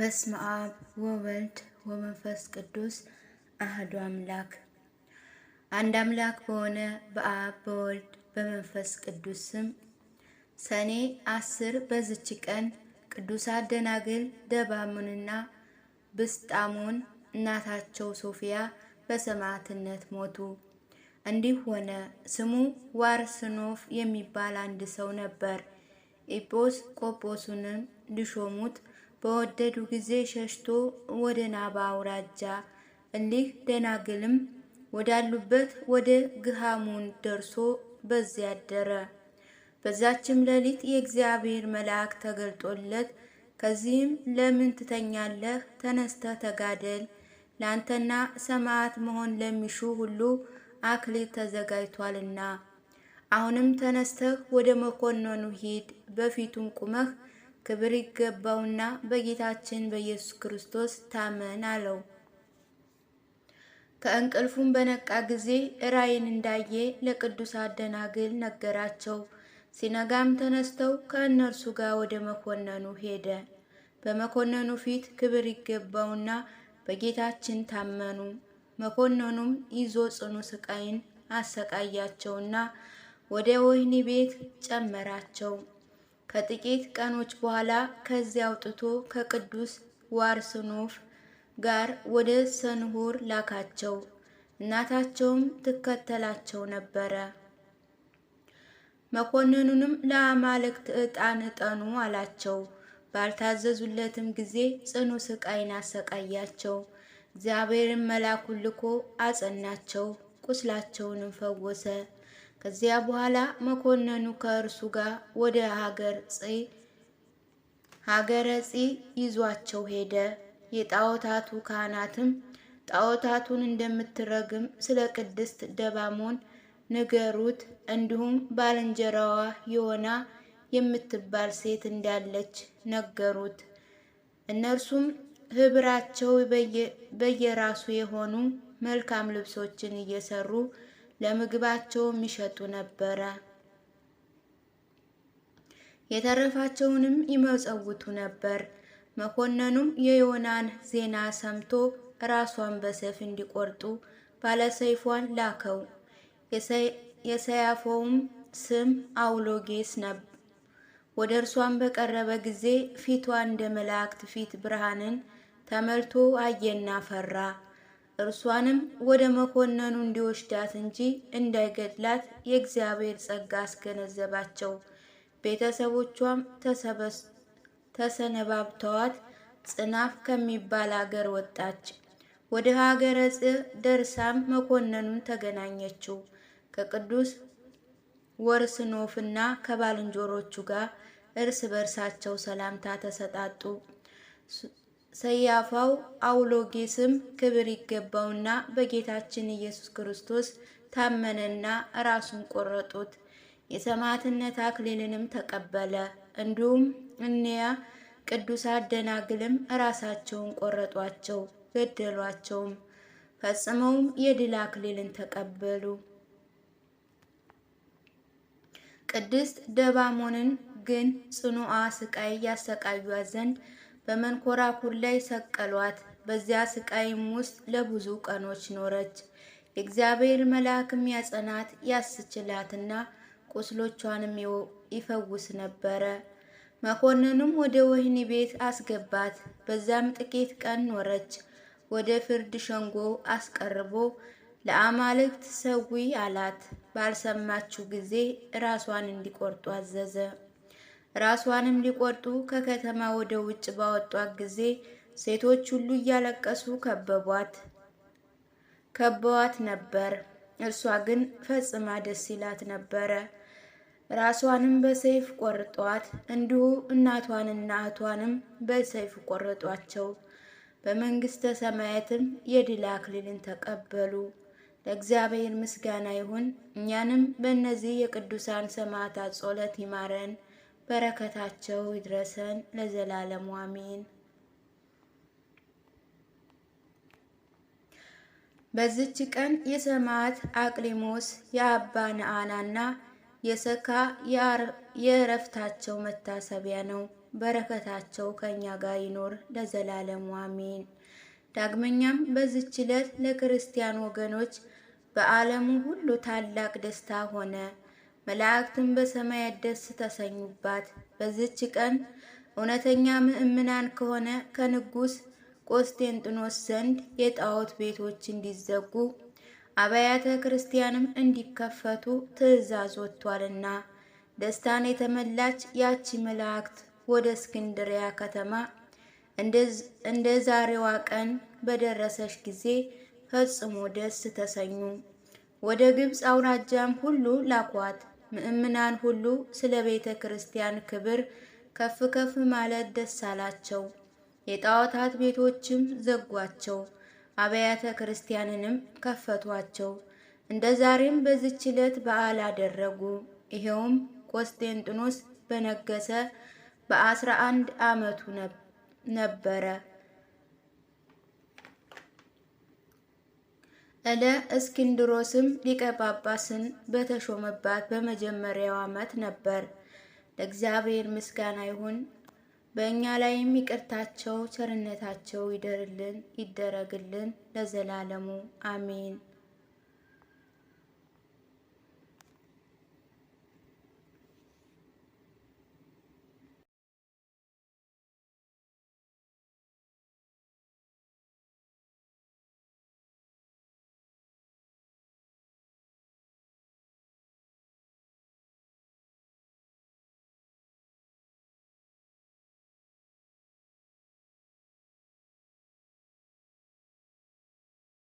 በስመ አብ ወወልድ ወመንፈስ ቅዱስ አህዱ አምላክ አንድ አምላክ በሆነ በአብ በወልድ በመንፈስ ቅዱስ ስም ሰኔ አስር በዝች ቀን ቅዱሳት ደናግል ደባሙንና ብስጣሙን እናታቸው ሶፊያ በሰማዕትነት ሞቱ። እንዲህ ሆነ። ስሙ ዋርስኖፍ የሚባል አንድ ሰው ነበር። ኢጲስ ቆጶሱንም ሊሾሙት በወደዱ ጊዜ ሸሽቶ ወደ ናባ አውራጃ እሊህ ደናግልም ወዳሉበት ወደ ግሃሙን ደርሶ በዚያ አደረ። በዛችም ሌሊት የእግዚአብሔር መልአክ ተገልጦለት ከዚህም ለምን ትተኛለህ? ተነስተ ተጋደል፣ ለአንተና ሰማዕት መሆን ለሚሹ ሁሉ አክሊል ተዘጋጅቷልና። አሁንም ተነስተህ ወደ መኮንኑ ሂድ፣ በፊቱም ቁመህ ክብር ይገባውና በጌታችን በኢየሱስ ክርስቶስ ታመን አለው። ከእንቅልፉም በነቃ ጊዜ ራእይን እንዳየ ለቅዱስ አደናግል ነገራቸው። ሲነጋም ተነስተው ከእነርሱ ጋር ወደ መኮነኑ ሄደ። በመኮነኑ ፊት ክብር ይገባውና በጌታችን ታመኑ። መኮንኑም ይዞ ጽኑ ስቃይን አሰቃያቸውና ወደ ወህኒ ቤት ጨመራቸው። ከጥቂት ቀኖች በኋላ ከዚያ አውጥቶ ከቅዱስ ዋርስኖፍ ጋር ወደ ሰንሆር ላካቸው። እናታቸውም ትከተላቸው ነበረ። መኮንኑንም ለአማልክት ዕጣን እጠኑ አላቸው። ባልታዘዙለትም ጊዜ ጽኑ ስቃይን አሰቃያቸው። እግዚአብሔርን መላኩን ልኮ አጸናቸው፣ ቁስላቸውንም ፈወሰ። ከዚያ በኋላ መኮንኑ ከእርሱ ጋር ወደ ሀገር ጽ ሀገረ ጽ ይዟቸው ሄደ። የጣዖታቱ ካህናትም ጣዖታቱን እንደምትረግም ስለ ቅድስት ደባሞን ንገሩት፣ እንዲሁም ባልንጀራዋ ዮና የምትባል ሴት እንዳለች ነገሩት። እነርሱም ህብራቸው በየራሱ የሆኑ መልካም ልብሶችን እየሰሩ ለምግባቸውም ይሸጡ ነበረ። የተረፋቸውንም ይመጸውቱ ነበር። መኮንኑም የዮናን ዜና ሰምቶ ራሷን በሰይፍ እንዲቆርጡ ባለሰይፏን ላከው። የሰያፈውም ስም አውሎጌስ ነበር። ወደ እርሷን በቀረበ ጊዜ ፊቷ እንደ መላእክት ፊት ብርሃንን ተመልቶ አየና ፈራ። እርሷንም ወደ መኮንኑ እንዲወስዳት እንጂ እንዳይገድላት የእግዚአብሔር ጸጋ አስገነዘባቸው። ቤተሰቦቿም ተሰነባብተዋት ጽናፍ ከሚባል አገር ወጣች። ወደ ሀገረ ጽ ደርሳም መኮንኑን ተገናኘችው። ከቅዱስ ወርስኖፍና ከባልንጀሮቹ ጋር እርስ በርሳቸው ሰላምታ ተሰጣጡ። ሰያፋው አውሎጌስም ክብር ይገባውና በጌታችን ኢየሱስ ክርስቶስ ታመነና ራሱን ቆረጡት። የሰማዕትነት አክሊልንም ተቀበለ። እንዲሁም እኒያ ቅዱሳት ደናግልም ራሳቸውን ቆረጧቸው፣ ገደሏቸውም። ፈጽመውም የድል አክሊልን ተቀበሉ። ቅድስት ደባሞንን ግን ጽኑዓ ስቃይ ያሰቃዩት ዘንድ በመንኮራኩር ላይ ሰቀሏት። በዚያ ስቃይም ውስጥ ለብዙ ቀኖች ኖረች። የእግዚአብሔር መልአክም ያጸናት ያስችላትና ቁስሎቿንም ይፈውስ ነበረ። መኮንንም ወደ ወህኒ ቤት አስገባት። በዛም ጥቂት ቀን ኖረች። ወደ ፍርድ ሸንጎ አስቀርቦ ለአማልክት ሰዊ አላት። ባልሰማችው ጊዜ ራሷን እንዲቆርጡ አዘዘ። ራሷንም ሊቆርጡ ከከተማ ወደ ውጭ ባወጧት ጊዜ ሴቶች ሁሉ እያለቀሱ ከበቧት ከበዋት ነበር። እርሷ ግን ፈጽማ ደስ ይላት ነበረ። ራሷንም በሰይፍ ቆርጧት፣ እንዲሁ እናቷንና እህቷንም በሰይፍ ቆረጧቸው። በመንግስተ ሰማያትም የድል አክሊልን ተቀበሉ። ለእግዚአብሔር ምስጋና ይሁን። እኛንም በእነዚህ የቅዱሳን ሰማዕታት ጸሎት ይማረን። በረከታቸው ይድረሰን ለዘላለሙ አሜን። በዚች ቀን የሰማዕት አቅሊሞስ የአባ ነአናና የሰካ የእረፍታቸው መታሰቢያ ነው። በረከታቸው ከእኛ ጋር ይኖር ለዘላለሙ አሜን። ዳግመኛም በዚች ዕለት ለክርስቲያን ወገኖች በዓለሙ ሁሉ ታላቅ ደስታ ሆነ። መላእክትም በሰማያት ደስ ተሰኙባት። በዚች ቀን እውነተኛ ምእምናን ከሆነ ከንጉሥ ቆስቴንጥኖስ ዘንድ የጣዖት ቤቶች እንዲዘጉ አብያተ ክርስቲያንም እንዲከፈቱ ትእዛዝ ወጥቷልና ደስታን የተመላች ያቺ መላእክት ወደ እስክንድሪያ ከተማ እንደ ዛሬዋ ቀን በደረሰች ጊዜ ፈጽሞ ደስ ተሰኙ። ወደ ግብፅ አውራጃም ሁሉ ላኳት። ምእምናን ሁሉ ስለ ቤተ ክርስቲያን ክብር ከፍ ከፍ ማለት ደስ አላቸው። የጣዖታት ቤቶችም ዘጓቸው፣ አብያተ ክርስቲያንንም ከፈቷቸው። እንደ ዛሬም በዚች ዕለት በዓል አደረጉ። ይኸውም ቆስጤንጥኖስ በነገሰ በአስራ አንድ ዓመቱ ነበረ። እስክንድሮስም ሊቀ ጳጳስን በተሾመባት በመጀመሪያው ዓመት ነበር። ለእግዚአብሔር ምስጋና ይሁን፣ በእኛ ላይ የሚቅርታቸው ቸርነታቸው ይደርልን ይደረግልን ለዘላለሙ አሜን።